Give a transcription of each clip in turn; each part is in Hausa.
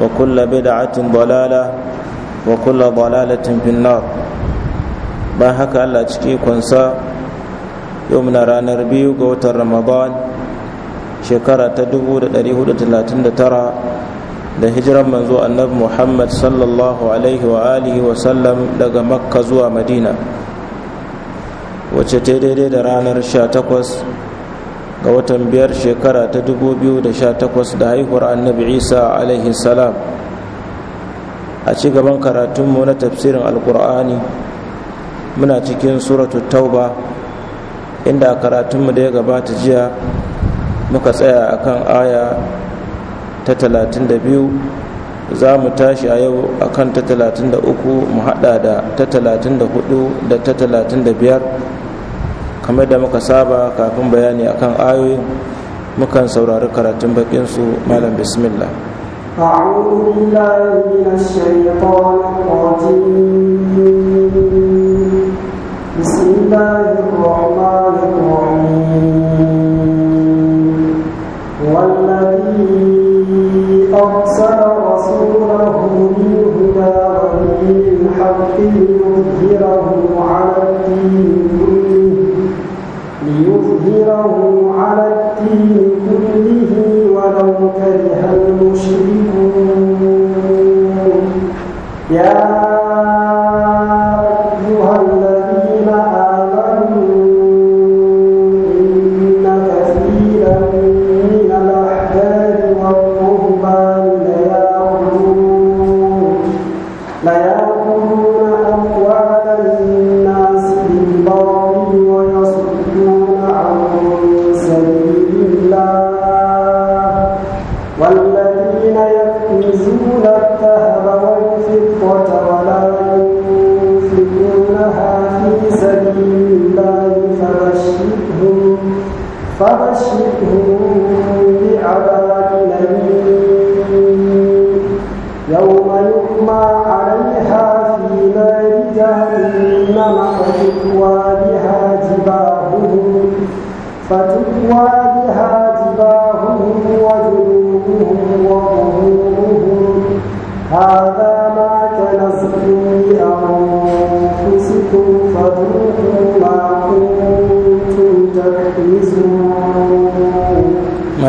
وكل بدعة ضلالة وكل ضلالة في النار ما هكا الله تشكي كونسا يومنا رانا ربيو قوت رمضان شكرة تدبو لدريه لتلاتين ترى da hijiran manzo annabi Muhammad sallallahu alaihi wa wa sallam daga makka zuwa madina wacce ta daidai da ranar 18 ga watan biyar shekara ta 2018 da haihuwar annabi isa alaihi salam a ci gaban karatunmu na tafsirin alkur'ani muna cikin suratu tauba inda karatunmu da ya gabata jiya muka tsaya akan aya ta 32 za mu tashi a yau akan ta 33 mu hada da ta 34 da ta 35 kamar da muka saba kafin bayani akan ayoyin mukan saurari karatun bakin su malam bismillah أعوذ بالله من الشيطان الرجيم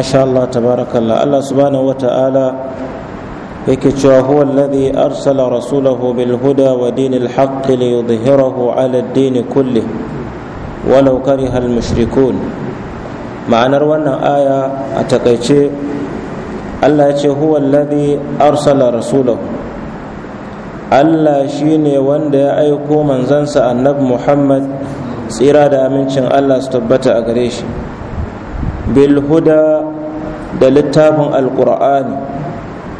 masha Allah tabarakallah Allah subhanahu wata'ala yake cewa huwa alladhi arsala rasulahu bil huda wa dinil haqq li yudhhirahu ala ad-din kullih walau kariha al mushrikun ma'anar wannan aya a takaice Allah ya ce huwa alladhi arsala rasulahu Allah shine wanda ya aiko manzansa annabi Muhammad tsira da amincin Allah su tabbata a gare shi bilhuda da littafin alkur'ani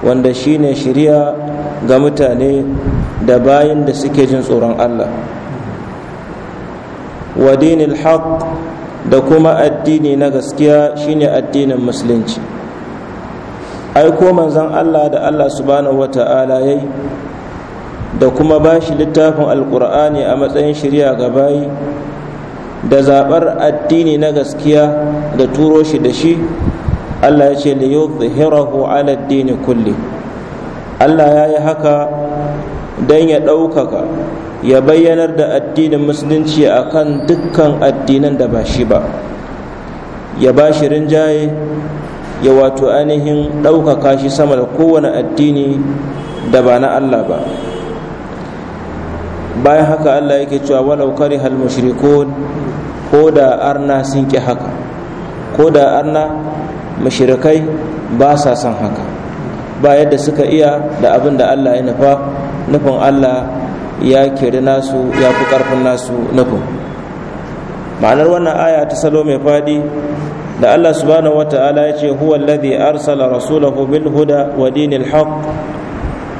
wanda shine shirya ga mutane da bayan da suke jin tsoron allah wa dinil haq da kuma addini na gaskiya shine addinin musulunci aiko manzon allah da allah subhanahu wa ta'ala ya da kuma ba shi littafin alkur'ani a matsayin shirya ga bayi da zaɓar addini na gaskiya da turo shi da shi Allah ya ce liyuzhirahu ala addini kulli Allah ya yi haka don ya ɗaukaka ya bayyanar da addinin musulunci a kan dukkan addinan da ba shi ba ya ba shi rinjaye ya wato ainihin ɗaukaka shi sama da kowane addini da ba na Allah ba bayan haka Allah yake cewa walau hal mushrikun ko da arna sun ƙi haka ko da arna mashirikai ba sa son haka ba yadda suka iya da abin da allah ya nufa nufin allah ya kiri nasu ya fi ƙarfin nasu nufin ma'anar wannan aya ta salo mai fadi da allah subhanahu wa ta'ala ya ce huwa alladhi arsala rasulahu bil huda wa dinil haqq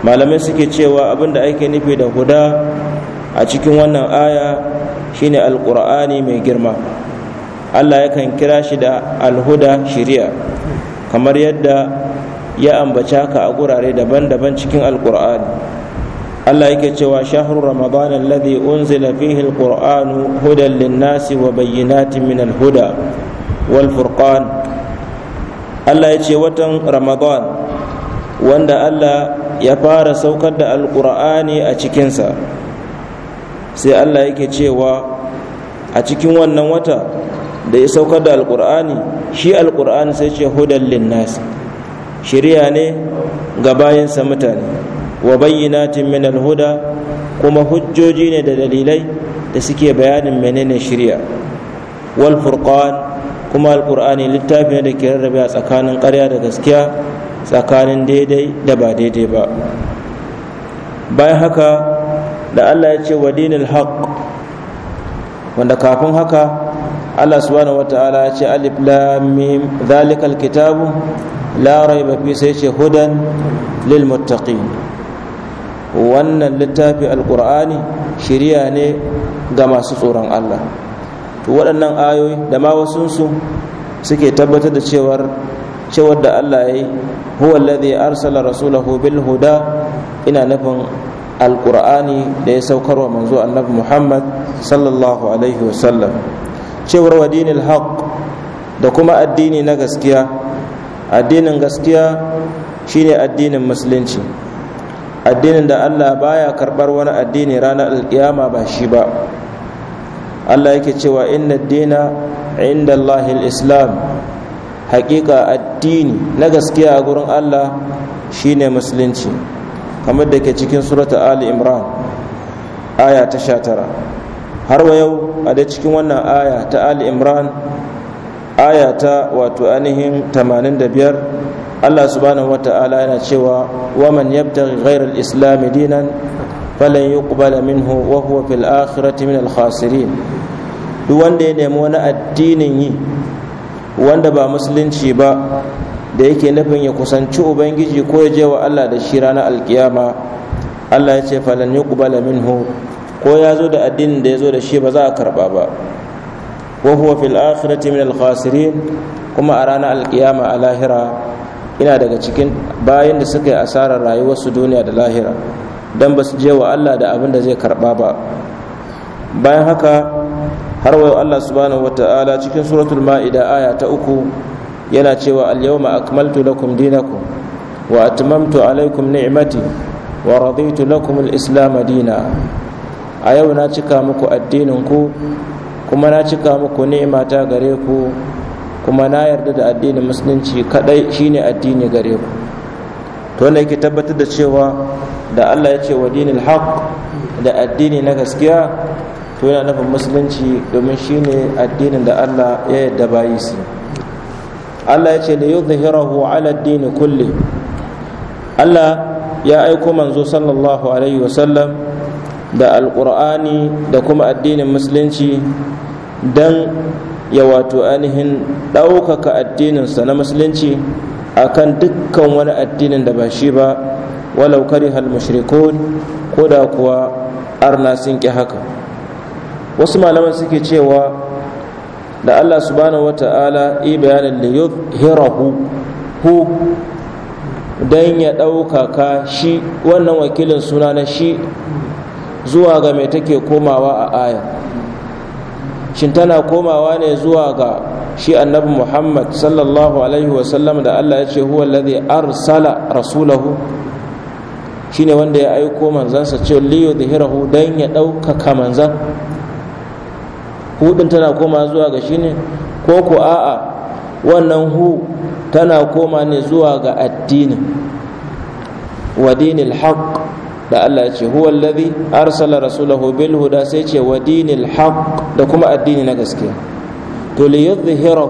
malamai suke cewa abin da ake nufi da huda a cikin wannan aya shine alqur'ani mai girma Allah yakan kira shi da alhuda shiriya kamar yadda ya ambaci haka a gurare daban-daban cikin alqur'ani Allah yake cewa shahru ramadan alladhi unzila fihi alqur'anu hudan linnasi wa bayyinatin min alhuda wal furqan Allah ya ce watan ramadan wanda Allah ya fara saukar da alqur'ani a cikinsa sai allah yake cewa a cikin wannan wata da ya saukar da alkur'ani shi alkur'ani sai ce hudan linnas shirya ne ga bayansa mutane wa bayyinatin min alhuda kuma hujjoji ne da dalilai da suke bayanin menene shirya wal furqan kuma alkur'ani littafi ne da ke rarrabe a tsakanin ƙarya da gaskiya tsakanin daidai da ba daidai ba bayan haka da Allah ya ce wa dinil haq wanda kafin haka Allah subhanahu wata'ala ya ce alif lam mim zalikal kitabu la raiba fi sai ce hudan lil muttaqin wannan littafi alqur'ani shiriya ne ga masu tsoron Allah to waɗannan ayoyi da ma su suke tabbatar da cewar cewar da Allah ya yi huwa allazi arsala rasulahu bil huda ina nufin alkur'ani da ya saukar wa manzo annabi muhammad sallallahu alaihi wasallam cewar wa dinil haq da kuma addini na gaskiya addinin gaskiya shine addinin musulunci addinin da allah baya karbar wani addini ranar alkiyama ba shi ba allah yake cewa inna dina inda allahil islam haƙiƙa addini na gaskiya a gurin allah shine musulunci kamar da ke cikin surata ali imran aya ta sha tara har wa yau a da cikin wannan aya ta ali imran aya ta wato ainihin 85 allah subhanahu wata'ala yana cewa waman yabtaghi ghayra al dinan falan yuqbala minhu wa huwa fil akhirati min al-khasirin duk wanda ya nemi wani addinin yi wanda ba musulunci ba da yake nufin ya kusanci ubangiji ko ya je wa Allah da shi ranar alkiyama Allah ya ce falan min minhu ko ya zo da addinin da ya zo da shi ba za a karba ba wa huwa fil akhirati min al khasirin kuma a ranar alkiyama a lahira ina daga cikin bayan da suka yi asarar rayuwar su duniya da lahira dan ba su je wa Allah da abin da zai karba ba bayan haka har wayo Allah subhanahu wata'ala cikin suratul ma'ida aya ta uku yana cewa al-yawma akmaltu lakum dinakum wa atmamtu alaikum ni'mati wa raditu lakum al-islam dina a yau na cika muku addinin ku kuma na cika muku ni'ima ta gare ku kuma na yarda da addinin musulunci kadai shine addini gare ku to ne yake tabbatar da cewa da Allah ya ce wa dinil haq da addini na gaskiya to yana nufin musulunci domin shine addinin da Allah ya yarda bayi su Allah ya ce da yudhhirahu ala ad-din kulli Allah ya aiko manzo sallallahu alaihi wasallam da alqur'ani da kuma addinin musulunci dan ya wato ainihin ɗaukaka addininsa na musulunci akan dukkan wani addinin da ba shi ba walau karihal mushrikun ko da kuwa arna sun ƙi haka wasu malaman suke cewa da Allah subhanahu wata'ala yi bayanin da hira hu don ya ɗaukaka shi wannan wakilin suna na shi zuwa ga mai take komawa a aya shin tana komawa ne zuwa ga shi annabi muhammad sallallahu alaihi wasallam da allah ya ce huwa alladhi arsala rasulahu shine wanda ya aiko manzansa ce hira hu don ya ɗaukaka manzan hudin tana koma zuwa ga shi ne ko ku a'a wannan hu tana koma ne zuwa ga addini wa dinil haqq da Allah ya ce huwa allazi arsala rasulahu bil huda sai ce wa dinil haqq da kuma addini na gaskiya to li yuzhira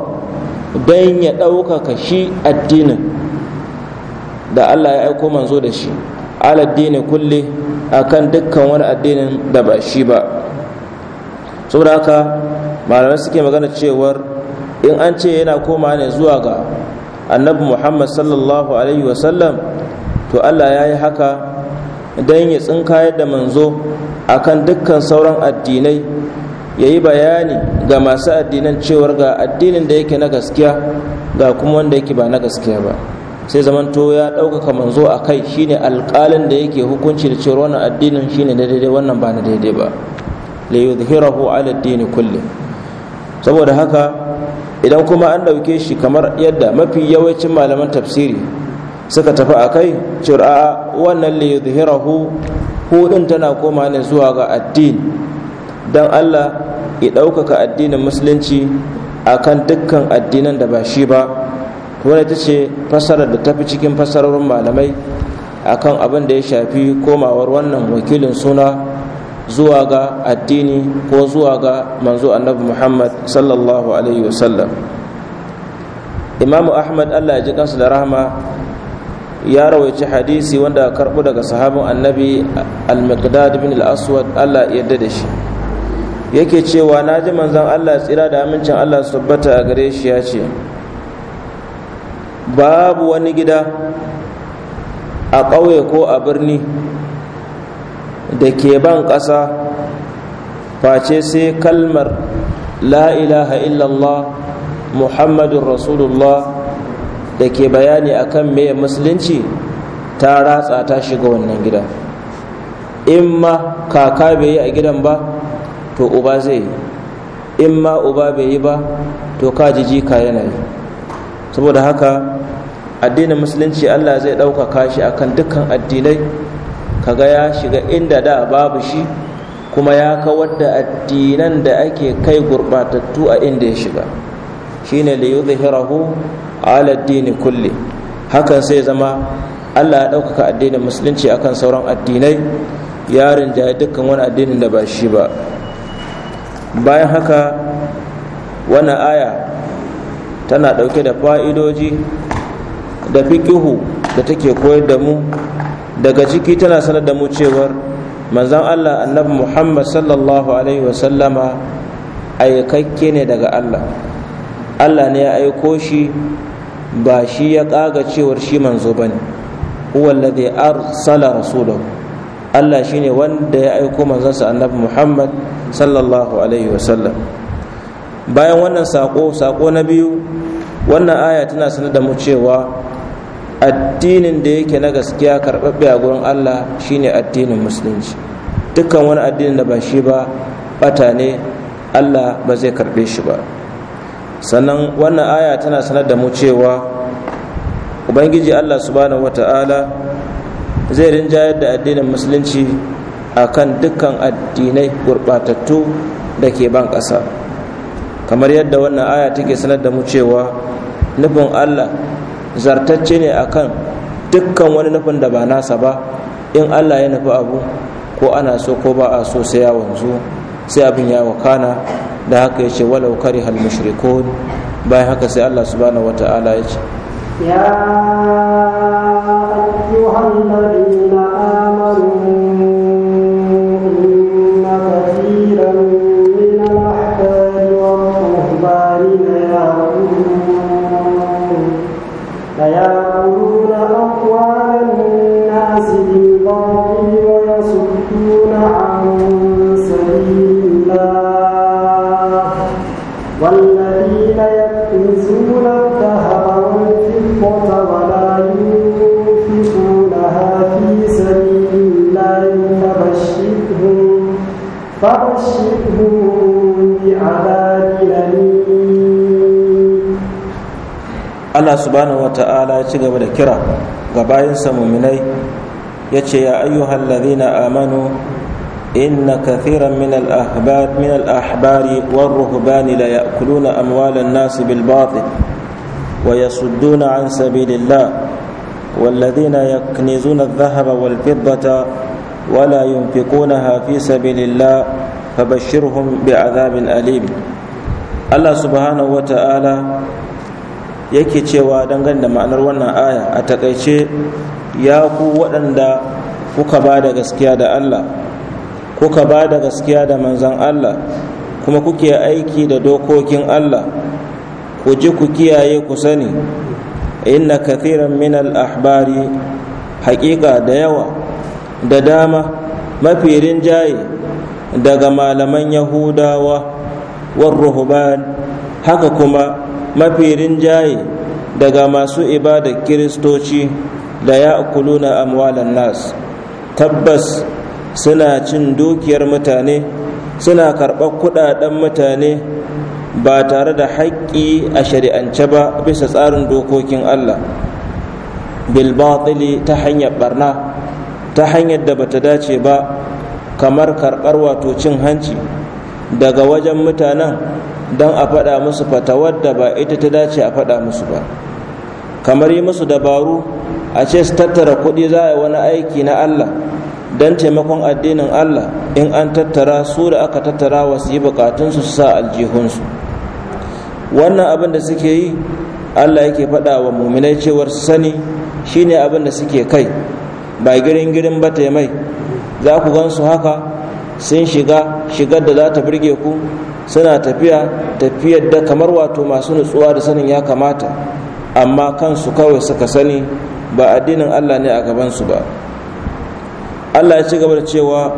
don ya ɗaukaka shi addinin da Allah ya aiko manzo da shi dini kulle akan dukkan wani addinin da ba shi ba saboda haka malamai suke magana cewar in an ce yana koma ne zuwa ga annabi muhammad sallallahu alaihi wasallam to allah ya yi haka don ya tsinkayar da manzo akan dukkan sauran addinai ya yi bayani ga masu addinan cewar ga addinin da yake na gaskiya ga kuma wanda yake ba na gaskiya ba sai zamanto ya ɗaukaka manzo a kai shine alƙalin da yake hukunci da cewar wannan addinin shine daidai wannan ba na daidai ba liyudhhirahu ala ad-din kulli saboda haka idan kuma an dauke shi kamar yadda mafi yawancin malaman tafsiri suka tafi a kai a wannan liyudhhirahu hudun tana koma ne zuwa ga addini dan Allah ya ɗaukaka addinin musulunci akan dukkan addinan da ba shi ba wani ta ce fasarar da tafi cikin fassarorin malamai akan abin da ya shafi komawar wannan wakilin suna zuwa ga addini ko zuwa ga manzo annabi muhammad sallallahu alaihi wasallam imamu ahmad allah ya ji kansu da rahama ya rawaici hadisi wanda karɓu daga sahabin annabi al maqdad bin al-aswad allah yarda da shi yake cewa na ji manzon allah tsira da amincin allah su tabbata a gare shi ya ce babu wani gida a ƙauye ko a birni da ke ban ƙasa face sai kalmar la ilaha illallah muhammadun rasulullah da ke bayani akan meye musulunci ta ratsa ta shiga wannan gida in ma kaka bai yi a gidan ba to uba zai yi in ma uba bai yi ba to ji jika yanayi. yanayi saboda haka addinin musulunci allah zai ɗaukaka shi akan dukkan addinai kaga ya shiga inda da babu shi kuma ya kawar da addinan da ake kai gurbatattu a inda ya shiga shine li yuzhirahu ala kulle kulli hakan sai zama Allah ya ɗaukaka addinin musulunci akan sauran addinai ya rinjaye dukkan wani addinin da ba shi ba bayan haka wannan aya tana ɗauke da fa'idoji da fiƙihu da take koyar da mu daga ciki tana sanar da mu cewar Manzan Allah annabi Muhammad sallallahu alaihi wasallama aikakke ne daga Allah Allah ne ya aiko shi ba shi ya ƙaga cewar shi manzo bane huwa alladhi arsala rasulahu Allah shi ne wanda ya aiko manzansa annabi Muhammad sallallahu alaihi wasallam bayan wannan sako sako na biyu wannan aya tana sanar da mu cewa addinin da yake na gaskiya karɓaɓɓe a gurin Allah shine addinin musulunci dukkan wani addinin da ba shi ba bata ne Allah ba zai karɓe shi ba sannan wannan aya tana sanar da mu cewa ubangiji Allah subhanahu wata'ala zai rinjayar da addinin musulunci a kan dukkan addinai gurɓatattu da ke ban ƙasa kamar yadda wannan aya take sanar da mu cewa nufin Allah zartacce ne a kan dukkan wani nufin da ba nasa ba in allah ya nufi abu ko ana so ko ba a so sai ya wanzu sai abin ya wakana da haka ya ce walau kari hal mushrikun bayan haka sai allah subhanahu wata'ala ya ce يا أيها الذين Allah subhanahu wata'ala ya ci gaba da kira ga bayansa muminai ya ce ya ayyuhal ladhina amanu inna kathiran min al-ahbar min al-ahbari war-ruhbani la ya'kuluna amwalan nas bil batil wa yasudduna an sabilillah والذين يكنزون الذهب wala yumfiku na hafi سبيل فبشرهم بعذاب alim Allah سبحانه wata'ala yake cewa dangane da ma'anar wannan aya a takaice ya ku waɗanda kuka ba da gaskiya da Allah kuka ba da gaskiya da manzan Allah kuma kuke aiki da dokokin Allah ku ji ku kiyaye ku sani inna kathiran min al-ahbari haƙiƙa da yawa da dama mafi rinjaye daga malaman yahudawa war ruhban haka kuma mafi rinjaye daga masu ibada kiristoci da ya kuluna amwalan nas tabbas suna cin dukiyar mutane suna karɓar kuɗaɗen mutane ba tare da haƙƙi a shari'ance ba bisa tsarin dokokin Allah bilbatili ta hanyar barna ta hanyar da bata dace ba kamar karɓar wato cin hanci daga wajen mutanen don a faɗa musu fatawar da ba ita ta dace a faɗa musu ba kamar yi musu dabaru a ce su tattara kuɗi za a yi wani aiki na allah don taimakon addinin allah in an tattara su da aka tattara wasu yi bukatunsu su sa aljihunsu wannan abin da suke yi allah yake faɗa wa muminai cewar sani, sani shine abin da suke kai ba girin girin ba taimai za ku gansu haka sun shiga shigar da za ta burge ku suna tafiya tafiyar da kamar wato masu nutsuwa da sanin ya kamata amma kansu kawai suka sani ba addinin Allah ne a gabansu ba Allah ya ci gaba da cewa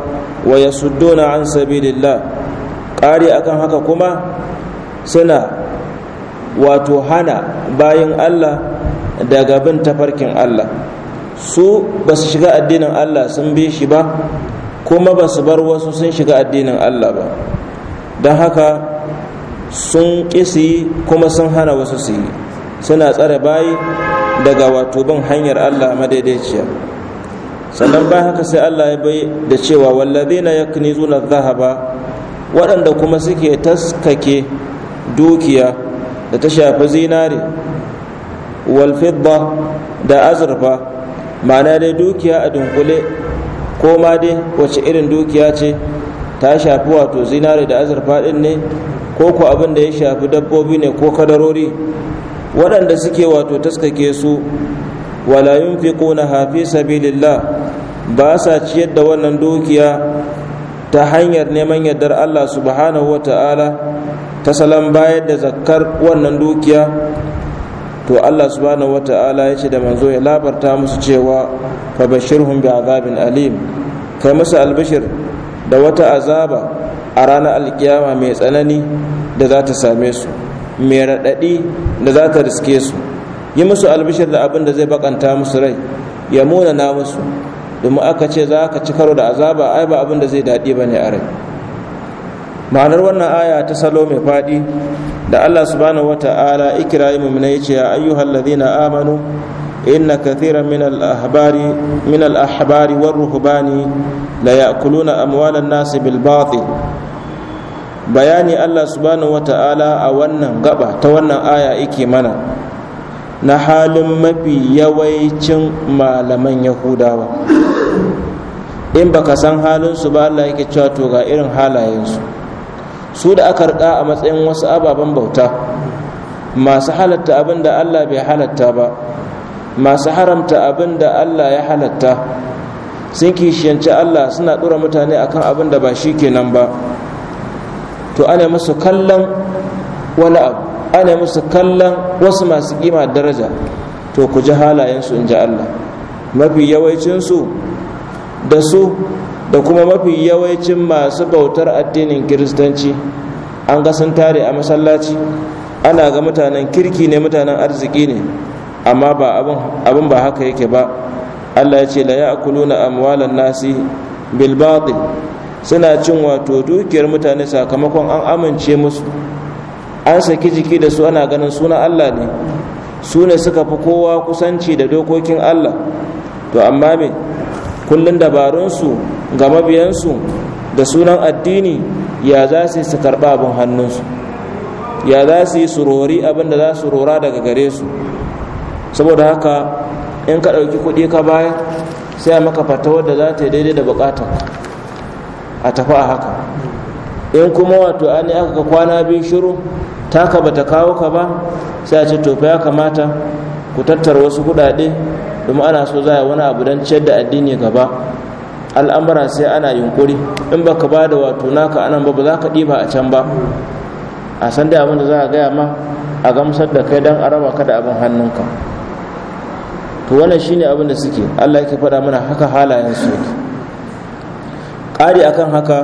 wa suddona an sabilillah ƙari akan haka kuma suna wato hana bayan Allah daga bin tafarkin Allah su ba su shiga addinin Allah sun bi shi ba kuma ba su bar wasu sun shiga addinin Allah ba don haka sun ƙi su kuma sun hana wasu su yi suna tsare bayi daga wato bin hanyar Allah madaidaiciya sannan bayan haka sai Allah ya bai da cewa wallazina yaknizuna zahaba waɗanda kuma suke taskake dukiya da ta shafi zinare walfidda da azurfa ma'ana dai dukiya a dunkule ko ma dai wace irin dukiya ce ta shafi wato zinare da azurfa din ne ko ko abin da ya shafi dabbobi ne ko kadarori waɗanda suke wato taskake su wala yunfiquna fi sabilillah ba sa ciyar da wannan dukiya ta hanyar neman yardar Allah subhanahu wa ta salam bayar da zakkar wannan dukiya to Allah subhanahu wata'ala ya ce da manzo ya labarta musu cewa fa bashirhum bi azabin alim kai musu albishir da wata azaba a ranar alkiyama mai tsanani da za ta same su mai raɗaɗi da za ta riske su yi musu albishir da abin da zai bakanta musu rai ya munana musu domin aka ce za ka ci karo da azaba ai ba abin da zai daɗi ba ne a rai ma'anar wannan aya ta salo mai faɗi da Allah subhanahu ta'ala ikirayi mu'mina yace ya ayyuhal ladhina amanu inna kathiran min al-ahbari min al-ahbari war-ruhbani la ya'kuluna an-nas bil batil bayani Allah subhanahu ta'ala a wannan gaba ta wannan aya yake mana na halin mafi yawaicin malaman yahudawa in baka san halin su ba Allah yake cewa to ga irin halayensu su da aka rika a matsayin wasu ababen bauta masu halatta abin da allah bai halatta ba masu haramta abin da allah ya halatta sun kishiyanci allah suna ɗora mutane akan abin da ba shi kenan ba to ana musu kallon wani abu ana musu kallon wasu masu kima daraja to ku ji halayensu in ji allah mafi yawancinsu da su da kuma mafi yawancin masu bautar addinin kiristanci an ga sun tare a masallaci ana ga mutanen kirki ne mutanen arziki ne amma ba abin ba haka yake ba allah ya ce la akuluna amwalan nasi bil batil suna cin wato dukiyar mutane sakamakon an amince musu an saki jiki da su ana ganin suna allah ne Sune suka fi kowa kusanci da dokokin allah to amma me kullum dabarunsu ga mabiyansu da sunan addini ya za su yi su karɓa abin hannunsu ya za su yi su rori abin da za su rora daga gare su saboda haka in ka ɗauki kuɗi ka baya sai a maka fata wadda za ta yi daidai da buƙatar a tafi a haka in kuma wato an yi aka kwana biyu shiru taka bata kawo ka ba sai a ce to ya kamata ku tattara wasu kuɗaɗe kuma ana so za a wani abu don ciyar da addini gaba al'amura sai ana yunkuri in ba ka ba da wato naka anan ba ba za ka ɗiba a can ba a san dai abin da za a gaya ma a gamsar da kai don a raba ka da abin hannunka to wannan shine abin da suke allah yake faɗa mana haka halayen su yake ƙari akan haka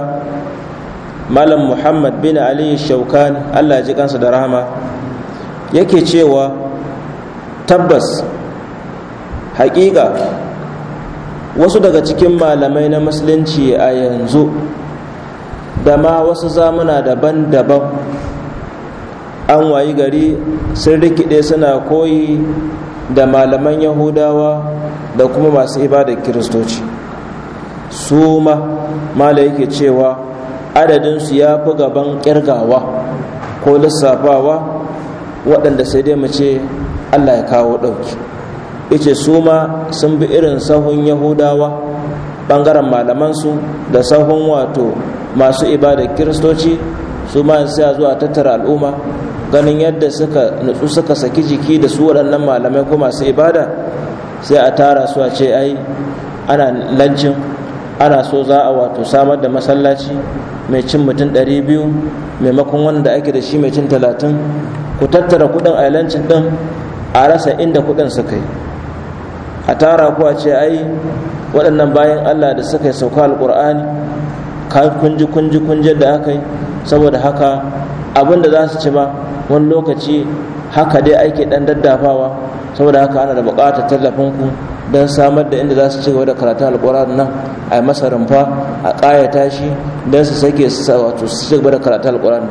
malam muhammad bin aliyu shaukan allah ya ji kansa da rahama yake cewa tabbas haƙiƙa wasu daga cikin malamai na musulunci a yanzu da ma wasu zamuna daban-daban an wayi gari sun rikide suna koyi da malaman yahudawa da kuma masu ibada kiristoci su ma mala yake cewa adadinsu ya fi gaban kirgawa ko lissafawa waɗanda sai dai mu ce allah ya kawo ɗauki yace su ma sun bi irin sahun yahudawa bangaren malamansu da sahun wato masu ibada kiristoci su ma sai zuwa tattara al'umma ganin yadda suka nutsu suka saki jiki da su waɗannan malamai ko masu ibada sai a tara su a ce ai ana lancin ana so za a wato samar da masallaci mai cin mutum ɗari biyu maimakon wanda ake da shi mai cin talatin ku tattara kuɗin a lancin ɗin a rasa inda kuɗin suka yi a tara ku a ce ai waɗannan bayan allah da suka yi sauka alƙur'ani Ka kunji kunji kunji da aka yi saboda haka abin da za su ci ma wani lokaci haka dai ake ɗan daddafawa saboda haka ana da buƙatar tallafinku don samar da inda za su ci gaba da karatun alƙur'ani nan a yi masa rumfa a ƙayata shi don su sake su ci gaba da karatun alƙur'ani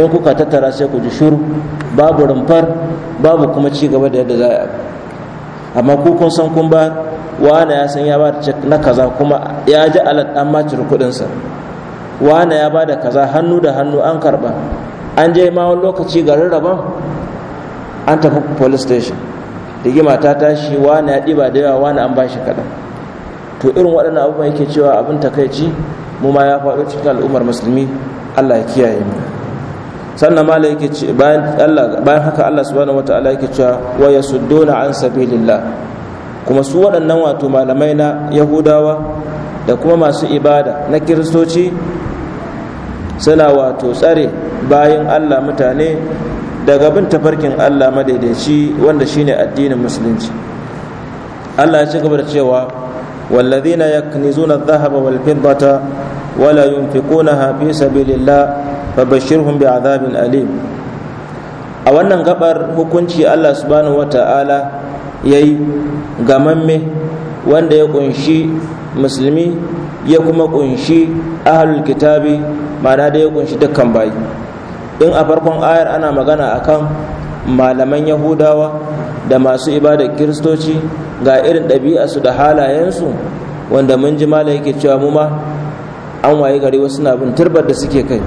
in kuka tattara sai ku ji shuru babu rumfar babu kuma ci gaba da yadda za a yi amma ku kun san kun ba wane ya san ya ba da na kaza kuma ya ji alat an ma kudinsa kuɗinsa wane ya ba da kaza hannu da hannu an karba an je ma wani lokaci garin rabon an tafi police station rigima ta tashi wane ya ɗiba da yawa wane an ba shi kaɗan to irin waɗannan abubuwan yake cewa abin takaici mu ma ya faɗo cikin al'ummar musulmi allah ya kiyaye mu sannan ma yake ce bayan Allah bayan haka Allah subhanahu wataala yake cewa wa yasudduna an sabilillah kuma su waɗannan wato malamai na Yahudawa da kuma masu ibada na kiristoci suna wato tsare bayan Allah mutane daga bin tafarkin Allah madaidaici wanda shine addinin musulunci Allah ya ci gaba da cewa yaknizuna adh-dhahaba wal-fiddata wala yunfiqunaha fi sabilillah fabashirhum bi azabin alim a wannan gabar hukunci Allah subhanahu wata'ala yayi gamamme wanda ya kunshi musulmi ya kuma kunshi ahlul kitabi ma'ana da ya kunshi dukkan bayi in a farkon ayar ana magana akan malaman yahudawa da masu ibada kiristoci ga irin ɗabi'arsu da halayensu wanda mun ji mala yake cewa mu ma an waye gari wasu na bin turbar da suke kai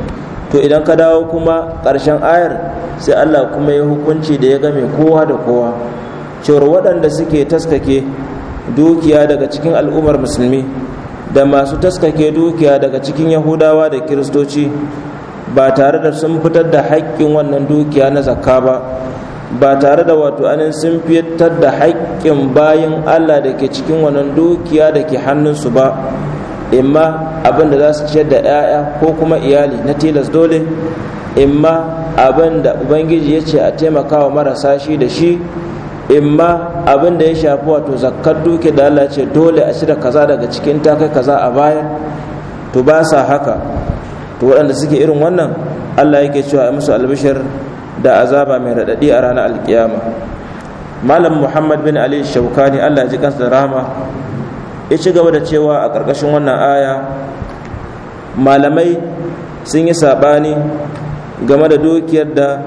to idan ka dawo kuma ƙarshen ayar sai Allah kuma ya hukunci da ya game kowa da kowa cewar waɗanda suke taskake dukiya daga cikin al'ummar musulmi da masu taskake dukiya daga cikin yahudawa da kiristoci ba tare da sun fitar da haƙƙin wannan dukiya na zakka ba ba tare da wato anin sun fitar da haƙƙin bayan allah da ke cikin wannan dukiya da ke hannunsu ba imma abin da za su ciyar da 'ya'ya ko kuma iyali na tilas dole imma abin da ubangiji ya ce a taimakawa marasa shi da shi imma abin da ya shafi wato zakkar duke da Allah ce dole a cire kaza daga cikin ta kai kaza a baya to ba sa haka to waɗanda suke irin wannan Allah yake cewa musu albishir da azaba mai raɗaɗi a ranar alkiyama malam muhammad bin ali shaukani Allah ya ji kansa da rahama ya ci gaba da cewa a ƙarƙashin wannan aya malamai sun yi saɓani game da dukiyar da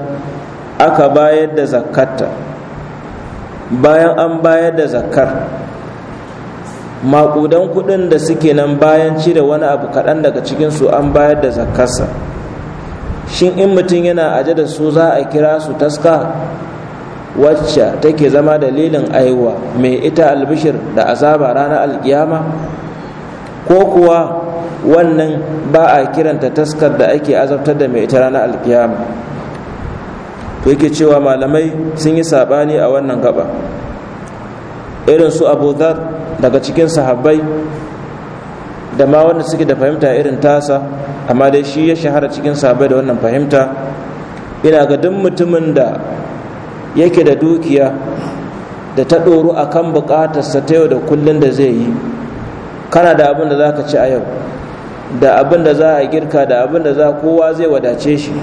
aka bayar da zakatta bayan an bayar da zakar maƙudan kuɗin da suke nan bayan cire wani abu kaɗan daga cikinsu an bayar da zakarsa shin in mutum yana aje da su za a kira su taska wacce take zama dalilin aiwa mai ita albishir da azaba ranar alkiyama ko kuwa wannan ba a kiranta taskar da ake azabtar da mai ita ranar alkiyama to yake cewa malamai sun yi sabani a wannan gaba irin su abu daga cikin sahabbai da ma wanda suke da fahimta irin tasa amma dai shi ya shahara cikin sahabbai da wannan fahimta ina ga duk mutumin da yake da dukiya da ta ɗoru a kan buƙatarsa ta yau da kullum da zai yi kana da abin da za ka ci a yau da abin da za a girka da abin da za kowa zai wadace shi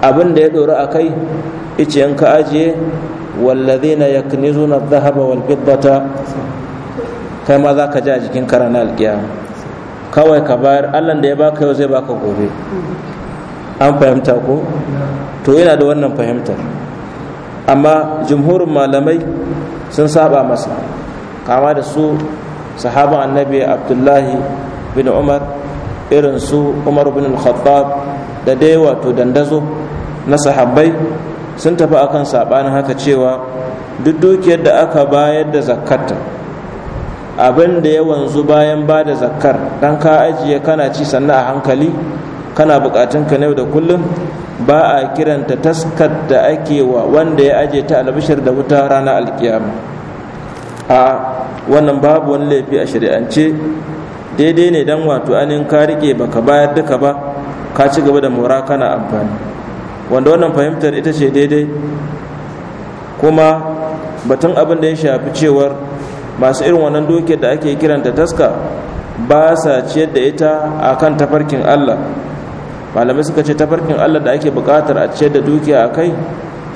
abin da ya ɗoru a kai ice in ka ajiye ya yaknizuna adh zahaba wal bidbata kai ma za ka ji a jikin kara na alƙiyama kawai ka bayar allon da ya baka yau zai baka gobe an fahimta ko to yana da wannan fahimtar amma jumhurin malamai sun saba masa kama da su sahaban annabi abdullahi bin umar irin su umar bin al-khattab da dai wato dandazo na sahabbai sun tafi akan sabanin haka cewa duk dukiyar da aka bayar da zakkarta abin da ya wanzu bayan ba da zakkar dan ka ajiye kana ci sannan a hankali kana bukatun ka yau da kullum ba a kiranta taskar da ake wa wanda ya aje ta albishir da wuta ranar alkiyama a wannan babu wani laifi a shari'ance daidai ne dan wato anin ka rike baka bayar duka ba ka ci gaba da mora kana amfani wanda wannan fahimtar ita ce daidai kuma batun abin da ya shafi cewar masu irin wannan dokiyar da ake kiranta taska ba sa ciyar da ita a kan tafarkin allah malamai suka ce tafarkin allah da ake bukatar a ciyar da dukiya a kai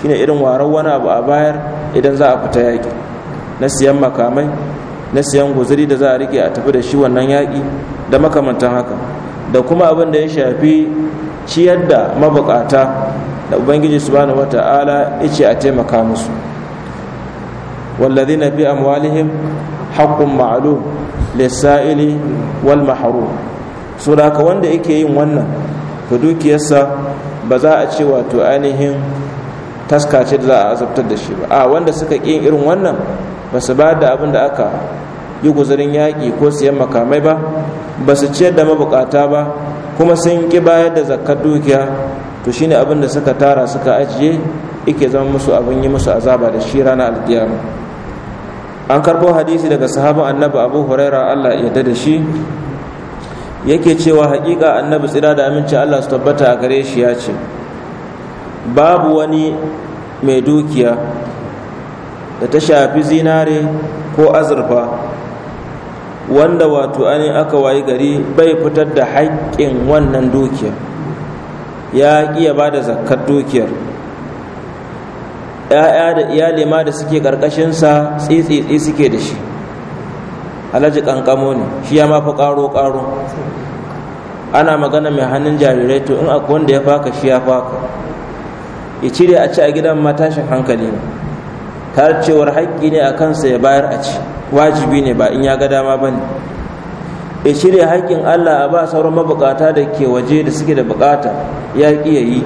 shine irin warar wani abu a bayar idan za a fita yaƙi na siyan makamai na siyan guzuri da za a rike a tafi da shi wannan yaƙi da makamantan haka da kuma abin da ya shafi ciyar da mabukata da ubangiji subhanahu wata'ala ya ce a taimaka musu wallazina bi amwalihim haqqun ma'lum lis-sa'ili wal mahrum wanda yake yin wannan to dukiyarsa ba za a ce wato ainihin taska ce da za a azabtar da shi ba a wanda suka ƙi irin wannan ba su ba da abin da aka yi guzarin yaƙi ko siyan makamai ba ba su ciyar da mabukata ba kuma sun ƙi bayar da zakar dukiya to shi ne abin da suka tara suka ajiye ike zama musu abin yi musu azaba da shi ranar alƙiyama an karɓo hadisi daga sahabin annabi abu huraira allah ya da shi yake cewa haƙiƙa annabi tsira da aminci Allah su tabbata a gare shi ya ce babu wani mai dukiya da ta shafi zinare ko azurfa wanda wato anin aka wayi gari bai fitar da haƙƙin wannan dukiya ya iya ba da zakkar dukiyar ‘ya'ya da iyali ma da suke ƙarƙashinsa tsitsitsi suke da shi’ alaji kankamo ne shi ya mafi karo karo ana magana mai hannun jarirai to in akwai wanda ya faka shi ya faka ya cire a ci a gidan matashin hankali ne ta cewar haƙƙi ne a kansa ya bayar a ci wajibi ne ba in ya ga dama ba ne ya cire haƙƙin allah a ba sauran mabukata da ke waje da suke da bukata ya ƙi ya yi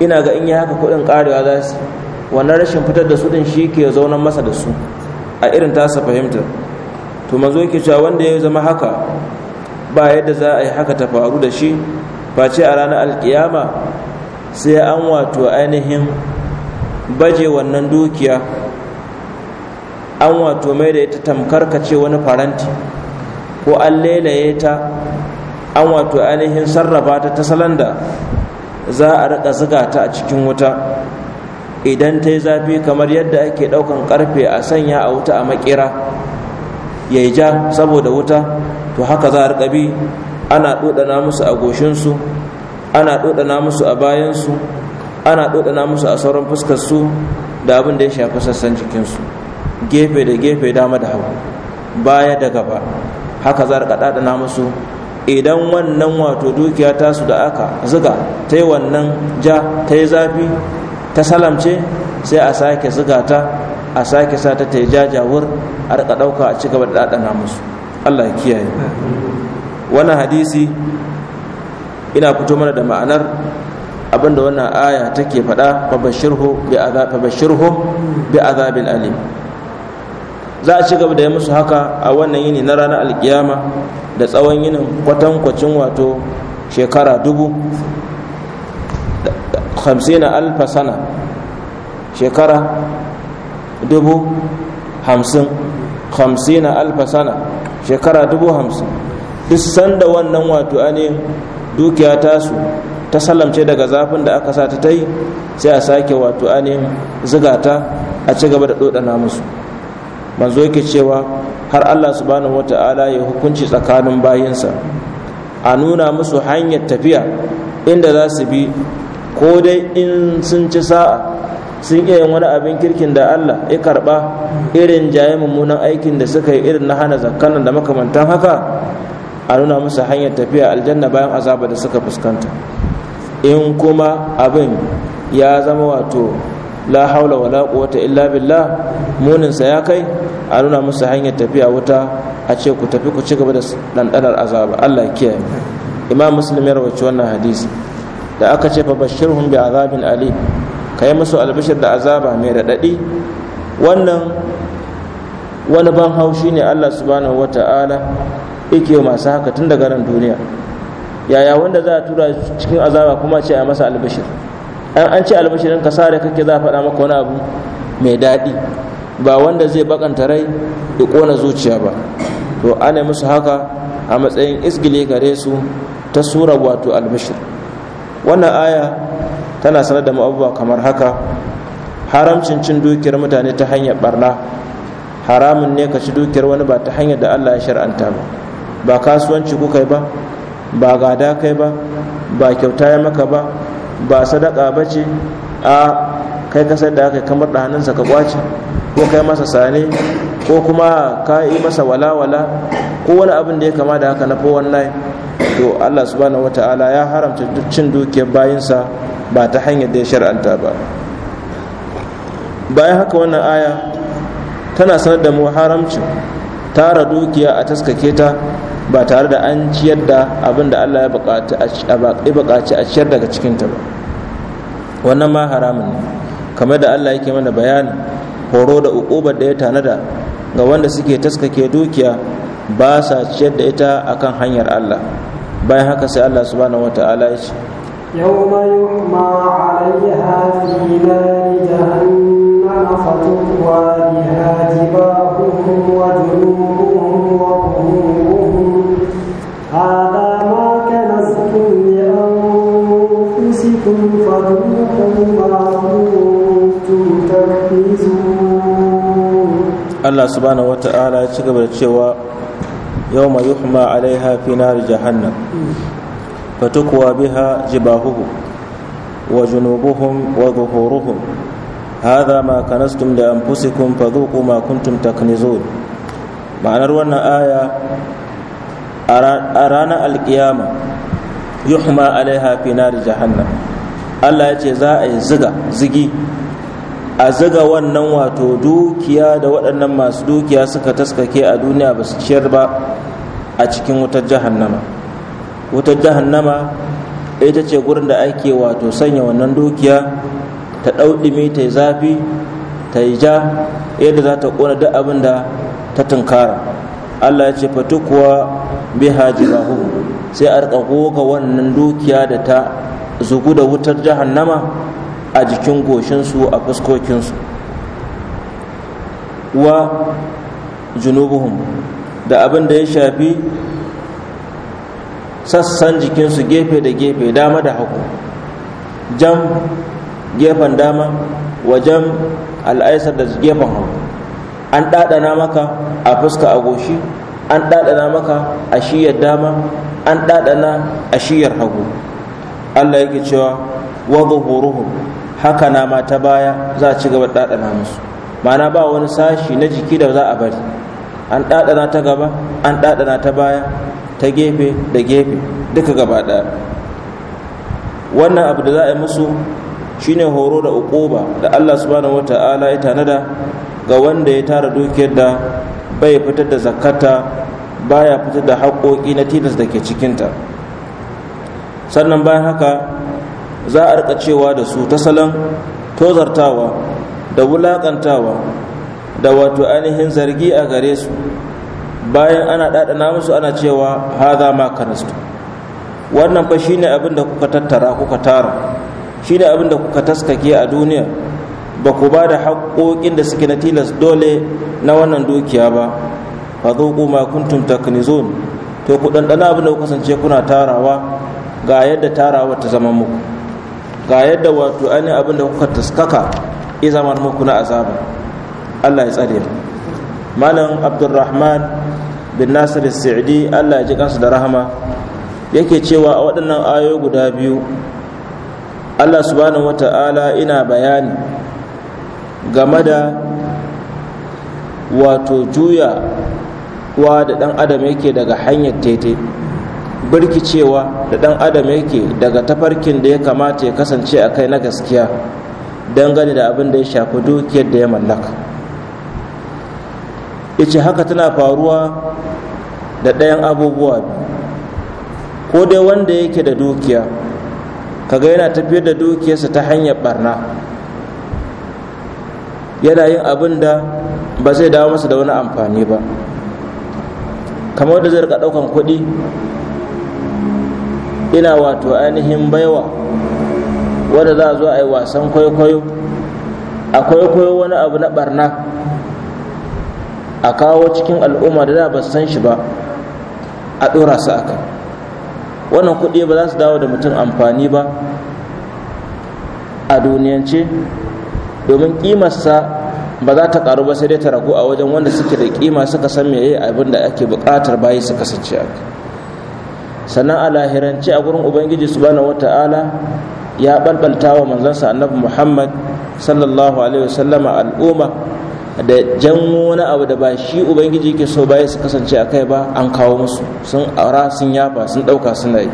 ina ga in ya haka kuɗin ƙarewa za su wannan rashin fitar da su ɗin shi ke zaunan masa da su a irin tasa fahimtar to manzo yake cewa wanda ya zama haka ba yadda za a yi haka ta faru da shi face a ranar alkiyama sai an wato ainihin baje wannan dukiya an wato mai da ita tamkar ce wani faranti ko an lelaye ta an wato ainihin sarrafa ta ta salon za a rika zuga ta a cikin wuta idan ta yi zafi kamar yadda ake daukan karfe a sanya a wuta a makera ya ja saboda wuta to haka za a riƙa bi ana ɗoɗana musu a goshinsu ana ɗoɗana musu a bayansu ana ɗoɗana musu a sauran fuskarsu da abin da ya shafi sassan jikinsu gefe da gefe dama da hagu baya da gaba haka za a riƙa ɗaɗana musu idan wannan wato dukiya tasu da aka ziga ta yi wannan ja ta yi zafi ta salamce sai a sake ziga ta a sake sa ta ta jajawar a rika ɗauka a cigaba gaba da ɗaɗana musu allah ya kiyaye wannan hadisi ina fito mana da ma'anar abinda wannan aya take faɗa fabashirhum bi azabin alim za a ci gaba da yi musu haka a wannan yini na ranar alkiyama da tsawon yinin kwatankwacin wato shekara dubu hamsin alfa sana shekara dubu hamsin hamsina alfa sana shekara dubu hamsin duk sanda wannan wato ne dukiya tasu ta salamce daga zafin da aka sa ta ta yi sai a sake wato ne zigata a ci gaba da dodana musu manzo ke cewa har allah subhanahu wata'ala ya hukunci tsakanin bayinsa a nuna musu hanyar tafiya inda za su bi ko dai in sun ci sa'a sun iya yin wani abin kirkin da Allah ya karba irin jaye mummunan aikin da suka yi irin na hana zakkan da makamantan haka a nuna musu hanyar tafiya aljanna bayan azaba da suka fuskanta in kuma abin ya zama wato la haula la quwwata illa billah munin sa ya kai a nuna musu hanyar tafiya wuta a ce ku tafi ku ci gaba da dandanar azaba Allah ya kiyaye imam muslim ya rawaci wannan hadisi da aka ce fa bashirhum bi azabin Ali. ka yi musu albishir da azaba mai raɗaɗi wannan wani ban haushi ne allah subhanahu wata'ala wa masu haka tun daga ran duniya yaya wanda za a tura cikin azaba kuma ce a masa albishir an ce albishirin ka sare kake za a faɗa maka wani abu mai daɗi ba wanda zai bakanta rai da ƙona zuciya ba to ana musu haka a matsayin isgile gare su ta sura wato albishir wannan aya tana sanar da mu kamar haka haramcin cin dukiyar mutane ta hanyar barna haramun ne ka ci dukiyar wani ba ta hanyar da Allah ya shar'anta ba ba kasuwanci kuka yi ba ba gada kai ba ba kyauta ya maka ba ba sadaka ba ce a kai kasar da aka kamar da hannunsa ka kwace ko kai masa sane ko kuma ka yi masa walawala ko wani abin da ya kama da haka na 419 to Allah subhanahu wata'ala ya haramta duk cin dukiyar bayinsa ba ta hanyar da ya shar'anta ba bayan haka wannan aya tana sanar da mu haramcin tara dukiya a taskake ta ba tare da an ciyar da abin da Allah ya buƙaci a ciyar daga cikinta ba wannan ma haramun ne kamar da Allah yake mana bayani horo da uƙubar da ya tanada ga wanda suke taskake dukiya ba sa ciyar da ita akan hanyar Allah bayan haka sai Allah subhanahu wa ta'ala ya ce ma yuhma fatuwa biha jibahuhum wa junubuhum wa qulubuhum hadha ma kanaztum li anfusikum fadhuqu Allah subhanahu wa ta'ala ya ci gaba da cewa يوم يحمى عليها في نار جهنم فتكوى بها جباههم وجنوبهم وظهورهم هذا ما كنستم لأنفسكم فذوقوا ما كنتم تكنزون معنى روانا آية أرانا القيامة يحمى عليها في نار جهنم الله يجزاء زغا زغي a zaga wannan wato dukiya da waɗannan masu dukiya suka taskake a duniya ba su ciyar ba a cikin wutar jahannama wutar jahannama ita ce gurin da ake wato sanya wannan dukiya ta ɗauɗimi ta yi zafi ta yi ja yadda za ta ƙona duk abin da ta tunkara allah ya ce fatukuwa bi jirahu sai a riƙa goga wannan dukiya da ta zugu da wutar jahannama a jikin goshinsu a fuskokinsu wa junubuhum da abin da ya shafi sassan jikinsu gefe da gefe dama da hagu jam gefen dama wajen al'aisar da gefen hagu an ɗaɗana maka a fuska a goshi an ɗaɗana maka a shiyar dama an ɗaɗana a shiyar hagu allah yake cewa wa haka na ta baya za a ci gaba ɗaɗana musu mana ba wani sashi na jiki da za a bari an ɗaɗana ta gaba an ɗaɗana ta baya ta gefe da gefe duka gaba ɗaya wannan abu da za a yi musu shine horo da uƙoba da Allah subhanahu wata'ala ya tanada ga wanda ya tara dukiyar da bai fitar da zakata baya fitar da haƙoƙi na tilas da ke cikinta sannan bayan haka za a rika cewa da su ta salon tozartawa da wulaƙantawa da wato ainihin zargi a gare su bayan ana ɗaɗana musu ana cewa haza ma wannan fa ne abin da kuka tattara kuka tara shi ne abin da kuka taskake a duniya ba ku ba da haƙoƙin da suke na tilas dole na wannan dukiya ba fa zuqu ma kuntum taknizun to ku ɗanɗana abin da kuka kasance kuna tarawa ga yadda tarawa ta zama muku ga yadda wato ainihin abin da kuka taskaka ya zama muku na azaba Allah ya tsare mu malam abdulrahman bin nasir sa'idi Allah ya ji kansu da rahama yake cewa a waɗannan ayo guda biyu Allah subhanahu wata'ala ina bayani game da wato juya juyawa da ɗan adam yake daga hanyar taitai birkicewa da ɗan adam yake daga tafarkin da ya kamata ya kasance a kai na gaskiya gani da abin da ya shafi dukiyar da ya mallaka ya ce haka tana faruwa da ɗayan abubuwa ko dai wanda yake da dukiya kaga yana tafiyar da dukiyarsa ta hanyar barna yana yin abin da ba zai dawo masa da wani amfani ba kamar da zai rika ɗaukan kuɗi ina wato ainihin baiwa wanda za a zo a yi wasan kwaikwayo a kwaikwayo wani abu na barna a kawo cikin al'umma da ba san shi ba a ɗora su a wannan kuɗi ba za su dawo da mutum amfani ba a duniyance domin ƙimarsa ba za ta ƙaru ba sai dai ta ragu a wajen wanda suke da ƙima suka san meye abin da ake buƙatar bayi su kasance a kai sannan a lahirance a gurin ubangiji subhanahu wata'ala ya balbalta wa manzansa annabi muhammad sallallahu alaihi wasallama al'umma da janwo wani abu da ba shi ubangiji ke so baya su kasance a kai ba an kawo musu sun aura sun yafa sun ɗauka suna yi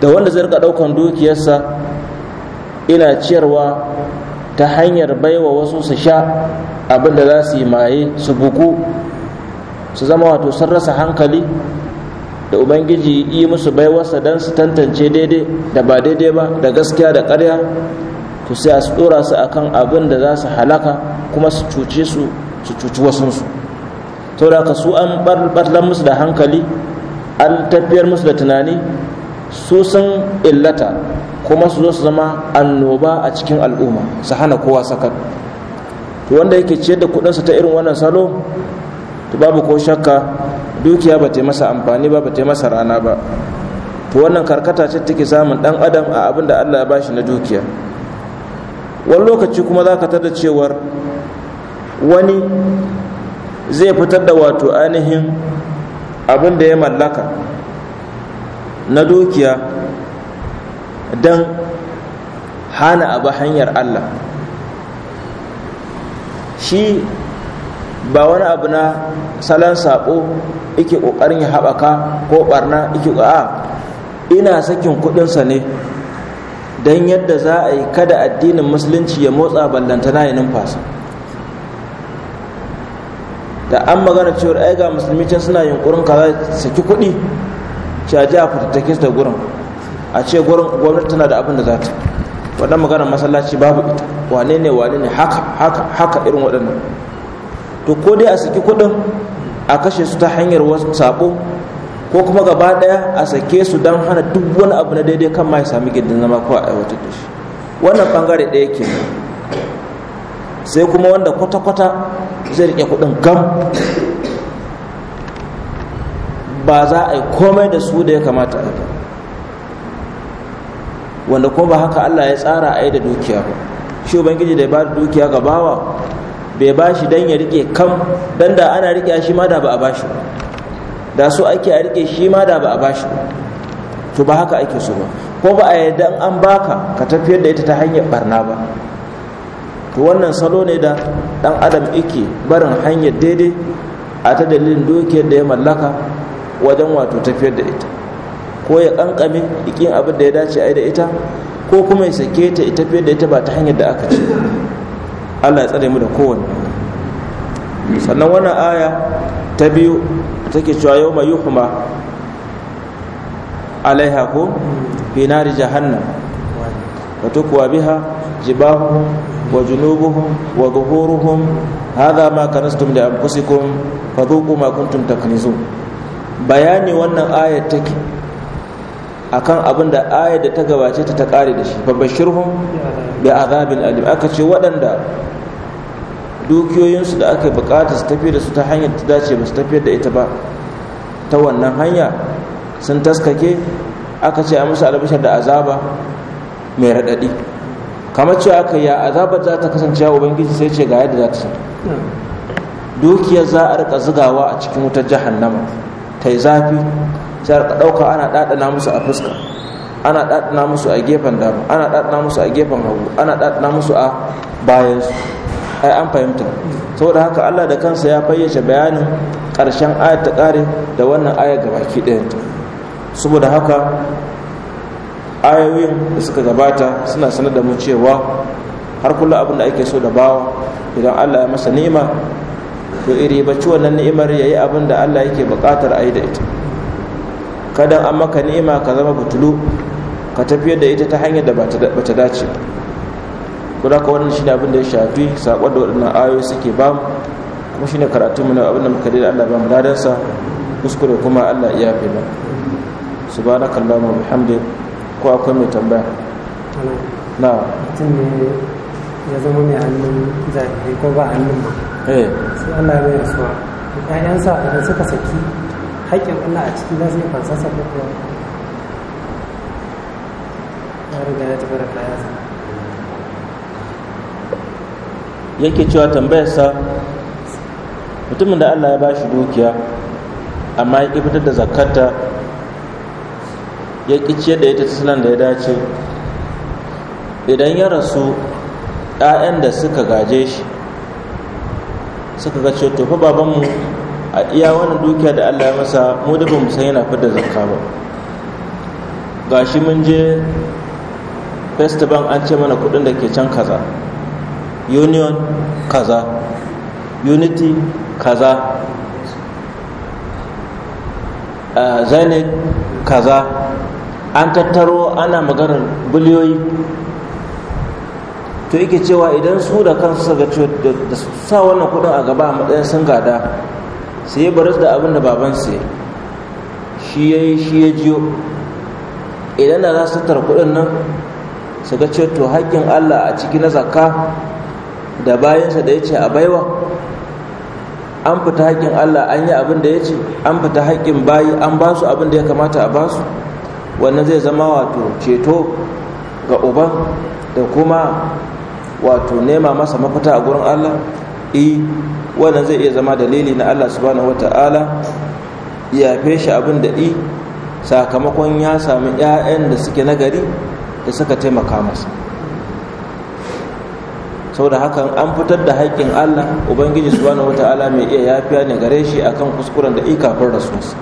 da wanda zai rika ɗaukan dukiyarsa ina ciyarwa ta hanyar baiwa wasu su sha abin da za su yi maye su buku su zama wato sun rasa hankali da ubangiji yi musu baiwarsa don su tantance daidai da ba daidai ba da gaskiya da ƙarya to sai a su a su abin da za su halaka kuma su cuce su su cuci wasansu. to da su an ɓarlan musu da hankali an tafiyar musu da tunani su sun illata kuma su zo su zama annoba a cikin al'umma su hana kowa sakar to wanda yake ciyar da kudinsa ta irin wannan salo to babu ko shakka dukiya ba ta yi masa amfani ba ba ta masa rana ba to wannan karkata ce take samun dan adam a abin da Allah ya bashi na dukiya wani lokaci kuma za ka tada cewar wani zai fitar da wato ainihin abin da ya mallaka na dukiya don hana abu hanyar Allah shi ba wani abu na salon sabo ike kokarin ya haɓaka ko barna ike a ina sakin kuɗinsa ne don yadda za a yi kada addinin musulunci ya motsa ballantana ya numfasa da an magana cewar ai ga musulmi can suna yunkurin kaza saki kuɗi caji a fitattake su da gurin a ce gwamnati tana da abin da za ta waɗannan maganar masallaci babu ita wane ne wane ne haka haka haka irin waɗannan to ko dai a saki kuɗin a kashe su ta hanyar sabo ko kuma gaba ɗaya a sake su don hana duk wani abu na daidai kan ma ya sami gindin zama ko a aiwatar da shi wannan bangare daya ke sai kuma wanda kwata-kwata zai riƙe kuɗin gam ba za a yi komai da su da ya kamata a yi wanda kuma ba haka Allah ya tsara a yi da dukiya ba shi ubangiji da ya ba da dukiya ga bawa bai bashi dan ya rike kam don da ana rike shi ma da ba a bashi da so ake a rike shi ma da ba a bashi to ba haka ake so ba ko ba a yadda an baka ka tafiyar da ita ta hanyar barna ba to wannan salo ne da dan adam yake barin hanyar daidai a ta dalilin dukiyar da ya mallaka wajen wato tafiyar da ita ko ya kankame ikin abin da ya dace a yi da ita ko kuma ya sake ta tafiyar da ita ba ta hanyar da aka ce Allah ya tsare mu da kowanne sannan wannan aya ta biyu take cewa yau mai yuhuma alaiha ko fi nari jahannam wa tukwa biha jibahu wa junubuhu wa zuhuruhum hadha ma kanastum li anfusikum fadhuqu ma kuntum taknizun bayani wannan aya take akan abin da ayar da ta gabace ta ta kare da shi babbashirhum bi azabin alim aka ce waɗanda dukiyoyinsu da aka bukata su tafi da su ta hanyar ta dace ba su tafi da ita ba ta wannan hanya sun taskake aka ce a musu albishar da azaba mai raɗaɗi kamar cewa aka ya azabar za ta kasance ubangiji sai ce ga yadda za ta sata dukiyar za a rika zigawa a cikin wutar jahannama ta yi zafi sai a rika ɗauka ana ɗaɗana musu a fuska ana ɗaɗina musu a gefen dama ana musu a gefen hagu ana ɗaɗina musu a bayansu ai an fahimta saboda haka Allah da kansa ya fayyace bayanin ƙarshen ayar ta ƙare da wannan ayar gabaki ɗayanta saboda haka ayoyin da suka gabata suna sanar da mu cewa har kullum abin da ake so da bawa idan Allah ya masa ni'ima to iri bacci wannan ni'imar ya yi abin da Allah yake buƙatar a yi da ita kada an maka ni'ima ka zama butulu ka tafiyar da ita ta hanyar da ba ta dace ko da wannan shine abin da ya shafi saƙon da waɗannan ayoyi suke ba mu kuma ne karatu mu na abin da muka da Allah ba mu ladan sa kuskure kuma Allah ya yafe ba na kalla mu bihamdik ko akwai mai tambaya na mutum ne ya zama mai hannun zafi ko ba hannun ba eh. sai Allah ya rasuwa ƴaƴansa idan suka saki haƙƙin Allah a ciki za su yi fansasa ko kuwa yake cewa tambayarsa mutumin da allah ya ba shi dukiya amma ya fitar da zakata ya ciyar da ita silan da ya dace idan ya rasu 'ya'yan da suka gaje shi suka ga cewa tofa babanmu a iya wani dukiya da allah ya masa mu da ba mu san yana fitar da zakka ba shi mun je first bank an ce mana kudin da ke can kaza union kaza unity kaza eh, zenith kaza an tattaro ana maganar biliyoyi to yake cewa idan su da kansu ga da sa wannan kudin a gaba a matsayin sun gada su yi baris da abin da su ya shi ya yi shi ya jiyo idan da za su tattara kudin nan su ga ce to haƙƙin Allah a ciki na zakka da bayansa da ya ce a baiwa an fita haƙƙin Allah an yi abin da ya ce an fita haƙƙin bayi an ba su abin da ya kamata a ba su wannan zai zama wato ceto ga uban da kuma wato nema masa mafita a gurin Allah i e, wannan zai iya zama dalili na Allah subhanahu wata'ala ya feshe abin da i e, sakamakon ya sami 'ya'yan da suke nagari da suka taimaka masa sau da hakan an fitar da haƙƙin Allah ubangiji subhanahu wata'ala mai iya yafiya ne gare shi akan kuskuren da kafin rasuwarsa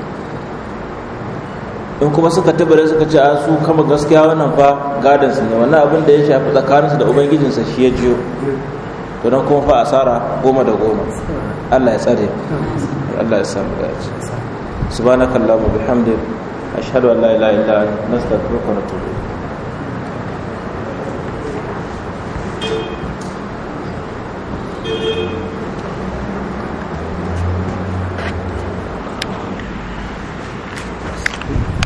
in kuma suka tabbata suka ce an su kama gaskiya wannan fa gadansu ne wannan abin da ya shafi tsakaninsu da ubangijinsa shi ya jiyo to don kuma fa asara goma da goma Allah ya tsare Allah ya samu gaci subhanakallahumma bihamdik ashhadu an la ilaha illa anta nastaghfiruka wa natubu